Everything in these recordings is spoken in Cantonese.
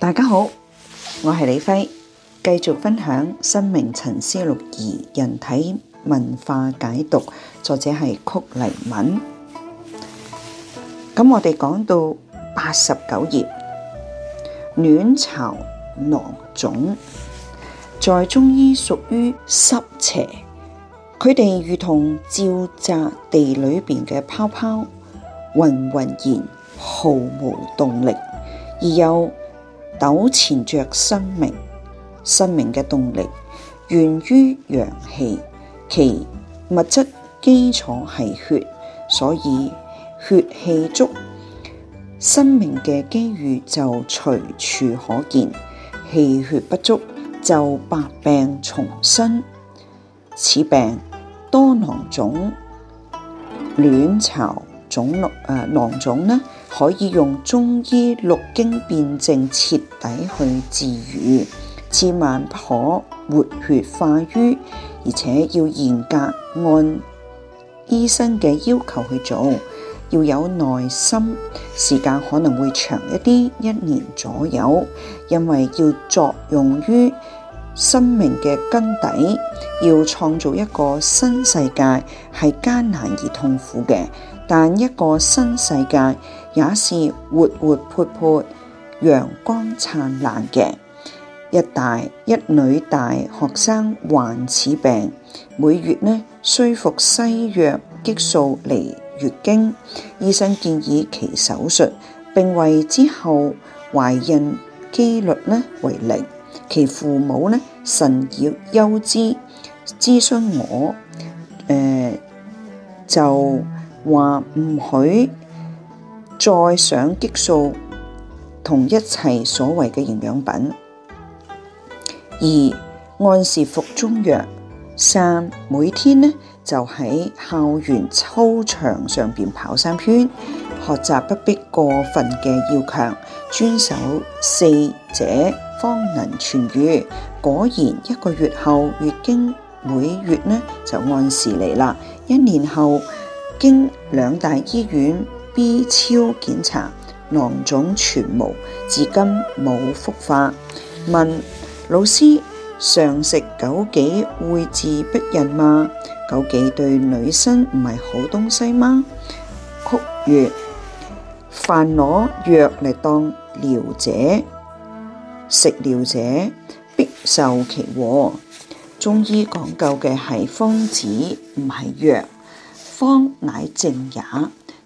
大家好，我係李輝，繼續分享《生命沉思錄二人體文化解讀》，作者係曲黎敏。咁我哋講到八十九頁，卵巢囊腫在中醫屬於濕邪，佢哋如同沼澤地裏面嘅泡泡，渾渾然毫無動力，而又……」糾纏着生命，生命嘅動力源於陽氣，其物質基礎係血，所以血氣足，生命嘅機遇就隨處可見；氣血不足，就百病叢生。此病多囊腫、卵巢腫、囊腫、呃、囊腫呢可以用中醫六經辨證徹底去治癒，千萬不可活血化瘀，而且要嚴格按醫生嘅要求去做，要有耐心，時間可能會長一啲，一年左右，因為要作用於生命嘅根底，要創造一個新世界，係艱難而痛苦嘅，但一個新世界，也是活活潑潑、陽光燦爛嘅。一大一女大學生患此病，每月呢需服西藥激素嚟月經。醫生建議其手術，並為之後懷孕機率呢為零。其父母呢神業憂之，諮詢我，誒、呃、就話唔許。再上激素同一切所謂嘅營養品，二按時服中藥，三每天呢就喺校園操場上邊跑三圈，學習不必過分嘅要強，遵守四者方能痊愈。果然一個月後月經每月呢就按時嚟啦，一年後經兩大醫院。B 超，檢查囊腫全無，至今冇復發。問老師，常食枸杞會致不孕嗎？枸杞對女生唔係好東西嗎？曲月凡攞藥嚟當療者，食療者必受其禍。中醫講究嘅係方子，唔係藥，方乃正也。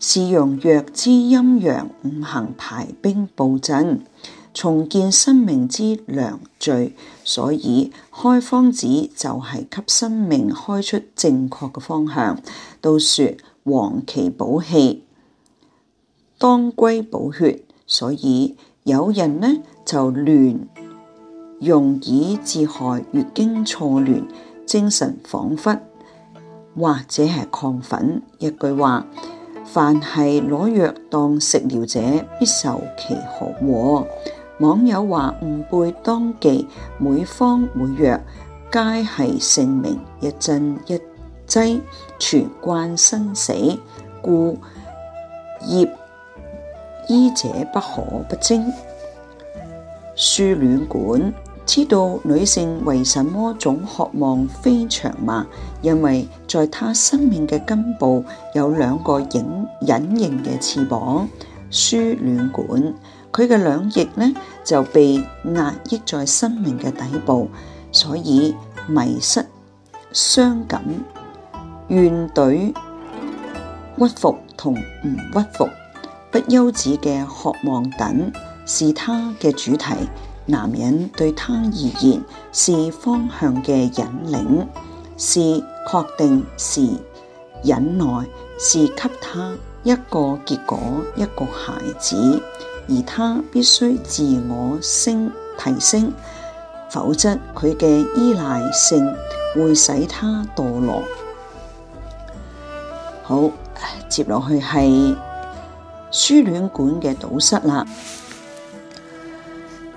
是用藥之陰陽五行排兵布陣，重建生命之良序。所以開方子就係給生命開出正確嘅方向。都説黃芪補氣，當歸補血，所以有人呢就亂用以致害，月經錯亂，精神恍惚，或者係亢奮。一句話。凡係攞藥當食療者，必受其害。網友話：吾輩當記，每方每藥皆係性命一針一劑，全關生死，故業醫者不可不精。輸卵管。知道女性為什麼總渴望飛翔嗎？因為在她生命嘅根部有兩個隱隱形嘅翅膀，輸卵管，佢嘅兩翼呢，就被壓抑在生命嘅底部，所以迷失、傷感、怨懟、屈服同唔屈服、不休止嘅渴望等，是她嘅主題。男人對他而言是方向嘅引領，是確定，是忍耐，是給他一個結果，一個孩子，而他必須自我升提升，否則佢嘅依賴性會使他墮落。好，接落去係輸卵管嘅堵塞啦。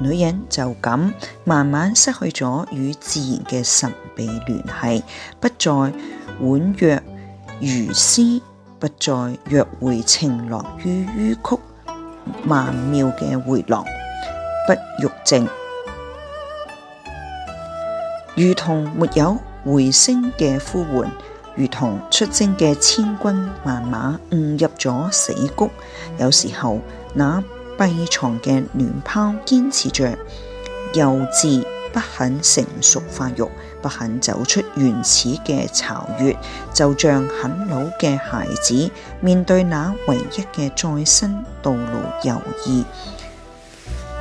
女人就咁慢慢失去咗與自然嘅神秘聯繫，不再婉約如詩，不再約會情郎於迂曲曼妙嘅回廊，不欲靜，如同沒有回聲嘅呼喚，如同出征嘅千軍萬馬誤入咗死谷。有時候那。閉藏嘅卵泡，堅持着幼稚，不肯成熟發育，不肯走出原始嘅巢穴，就像啃老嘅孩子，面對那唯一嘅再生道路猶豫。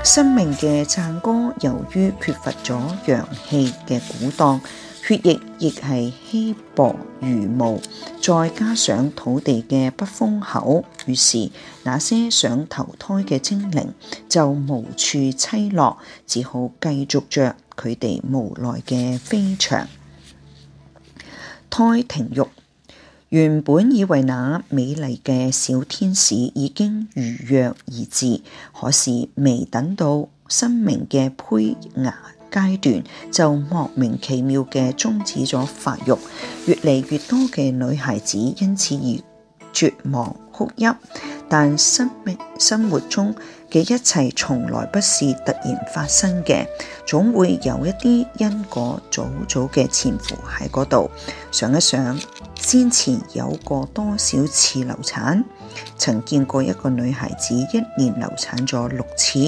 生命嘅讚歌，由於缺乏咗陽氣嘅鼓蕩。血液亦係稀薄如霧，再加上土地嘅不封口，於是那些想投胎嘅精靈就無處棲落，只好繼續着佢哋無奈嘅飛翔。胎停育，原本以為那美麗嘅小天使已經如約而至，可是未等到生命嘅胚芽。階段就莫名其妙嘅終止咗發育，越嚟越多嘅女孩子因此而絕望哭泣。但生命生活中嘅一切從來不是突然發生嘅，總會有一啲因果早早嘅潛伏喺嗰度。想一想，先前有過多少次流產？曾見過一個女孩子一年流產咗六次。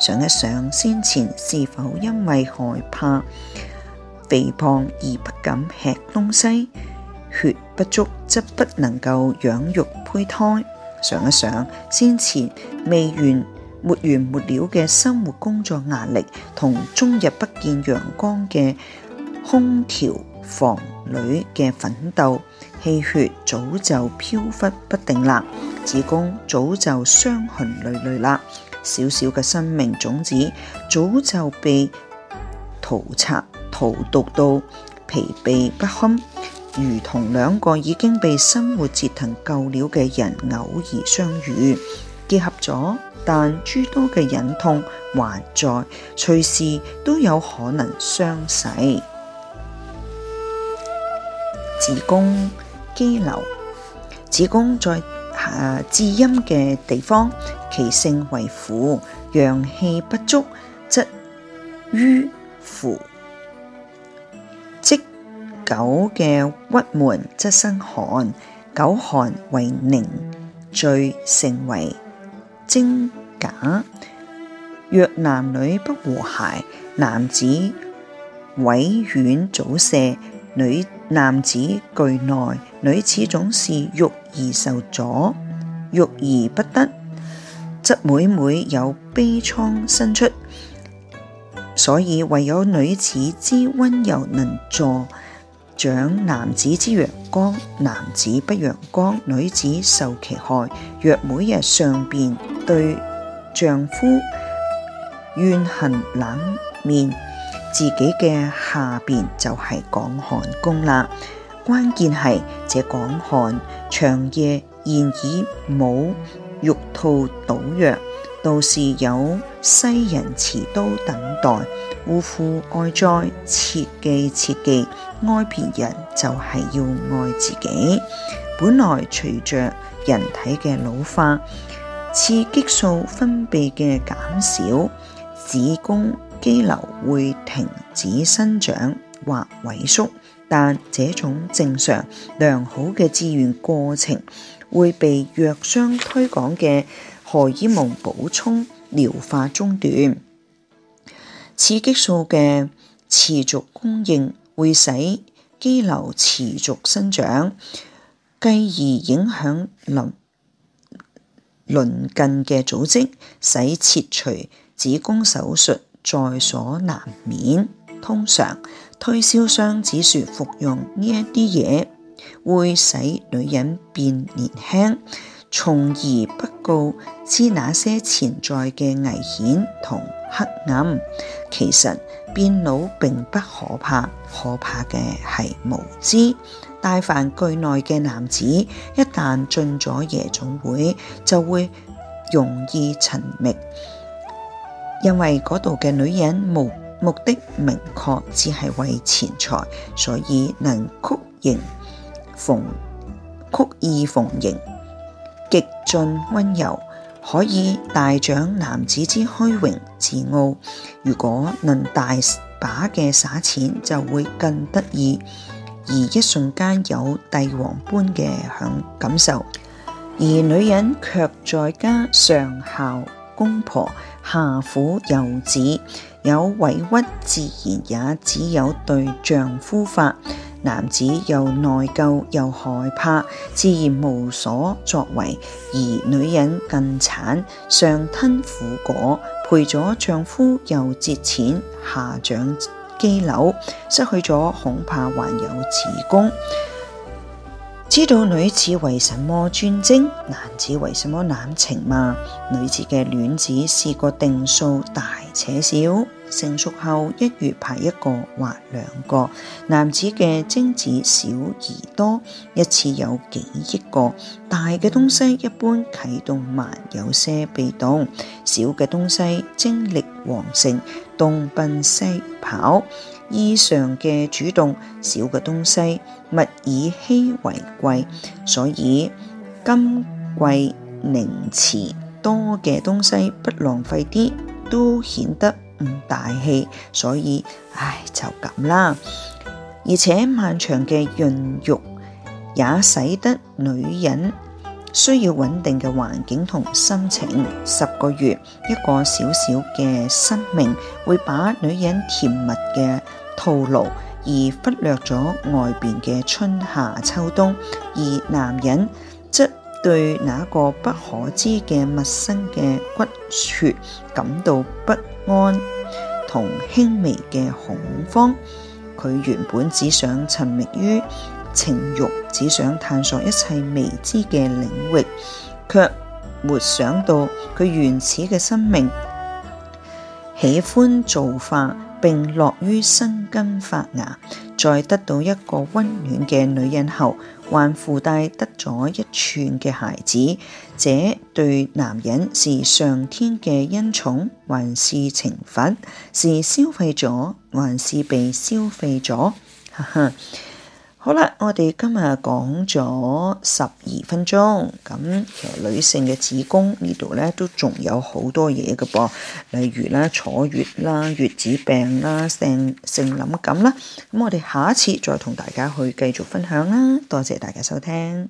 想一想，先前是否因為害怕肥胖而不敢吃東西？血不足則不能夠養育胚胎。想一想，先前未完、沒完沒了嘅生活工作壓力，同終日不見陽光嘅空調房裏嘅奮鬥，氣血早就飄忽不定啦，子宮早就傷痕累累啦，小小嘅生命種子早就被涂殺、涂毒到疲憊不堪。如同兩個已經被生活折騰夠了嘅人，偶爾相遇，結合咗，但諸多嘅隱痛還在，隨時都有可能相逝。子宮肌瘤，子宮在下至陰嘅地方，其性為苦，陽氣不足則瘀腐。久嘅鬱悶則生寒，久寒為凝，聚成為精假。若男女不和諧，男子委遠早泄，女男子懼內，女子總是欲而受阻，欲而不得，則每每有悲愴生出。所以唯有女子之温柔能助。長男子之陽光，男子不陽光，女子受其害。若每日上邊對丈夫怨恨冷面，自己嘅下邊就係廣寒宮啦。關鍵係這廣寒長夜，現已冇玉兔搗藥，倒是有。西人持刀等待，互父愛災，切記切記，愛別人就係要愛自己。本來隨着人體嘅老化，雌激素分泌嘅減少，子宮肌瘤會停止生長或萎縮，但這種正常良好嘅自然過程會被藥商推廣嘅荷爾蒙補充。療化中斷，雌激素嘅持續供應會使肌瘤持續生長，繼而影響鄰近嘅組織，使切除子宮手術在所難免。通常，推銷商只説服用呢一啲嘢會使女人變年輕。從而不告知那些潛在嘅危險同黑暗。其實變老並不可怕，可怕嘅係無知。大凡懼內嘅男子，一旦進咗夜總會，就會容易沉迷，因為嗰度嘅女人目的明確，只係為錢財，所以能曲形逢曲意逢迎。極盡溫柔，可以大長男子之虛榮自傲。如果能大把嘅撒錢，就會更得意，而一瞬間有帝王般嘅享感受。而女人卻在家上孝公婆，下撫幼子，有委屈自然也只有對丈夫發。男子又內疚又害怕，自然無所作為；而女人更慘，上吞苦果，賠咗丈夫又折錢，下長肌瘤，失去咗恐怕還有子宮。知道女子為什麼專貞，男子為什麼濫情嗎？女子嘅卵子是個定數，大且少。成熟後一月排一個或兩個，男子嘅精子少而多，一次有幾億個。大嘅東西一般啟動慢，有些被動；小嘅東西精力旺盛，東奔西跑。異常嘅主動，小嘅東西物以稀為貴，所以今季寧遲，多嘅東西不浪費啲都顯得咁大氣，所以唉就咁啦。而且漫長嘅孕育也使得女人需要穩定嘅環境同心情。十個月一個小小嘅生命，會把女人甜蜜嘅套路而忽略咗外邊嘅春夏秋冬。而男人則對那個不可知嘅陌生嘅骨血感到不安，同輕微嘅恐慌，佢原本只想沉迷於情欲，只想探索一切未知嘅領域，卻沒想到佢原始嘅生命喜歡造化，並樂於生根發芽，在得到一個温暖嘅女人後。還附帶得咗一串嘅孩子，這對男人是上天嘅恩寵，還是懲罰？是消費咗，還是被消費咗？哈哈。好啦，我哋今日講咗十二分鐘，咁其實女性嘅子宮呢度咧都仲有好多嘢嘅噃，例如啦坐月啦、月子病啦、性性敏感啦，咁我哋下一次再同大家去繼續分享啦，多謝大家收聽。